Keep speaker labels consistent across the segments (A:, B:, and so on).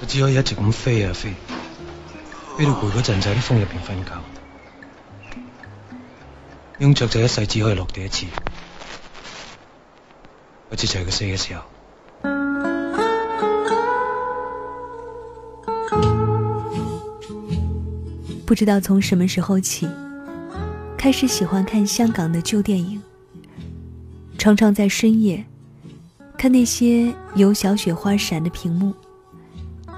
A: 我只可以一直咁飛啊飛，飛到攰嗰陣就喺啲風入邊瞓覺，用雀仔就一世只可以落地一次，我只就係佢死嘅時候。不知道從什麼時候起，開始喜歡看香港的舊電影，常常在深夜看那些由小雪花閃的屏幕。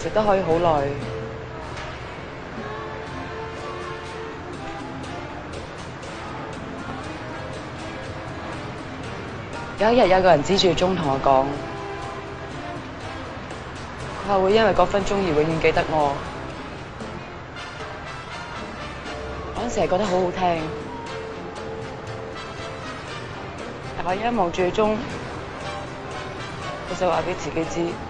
A: 食都可以好耐。有一日有個人指住鐘同我講，佢話會因為嗰分鐘而永遠記得我。嗰陣時係覺得好好聽，但我一望住鐘我就話畀自己知。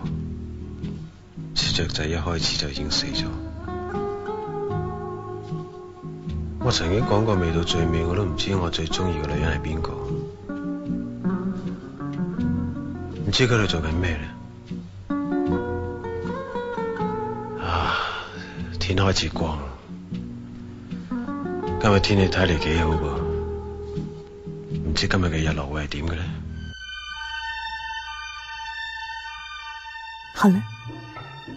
A: 雀仔一開始就已經死咗。我曾經講過，未到最尾我都唔知我最中意嘅女人係邊個，唔知佢哋做緊咩咧。啊，天開始光，今日天，天氣睇嚟幾好噃，唔知今日嘅日落會係點嘅咧？好了。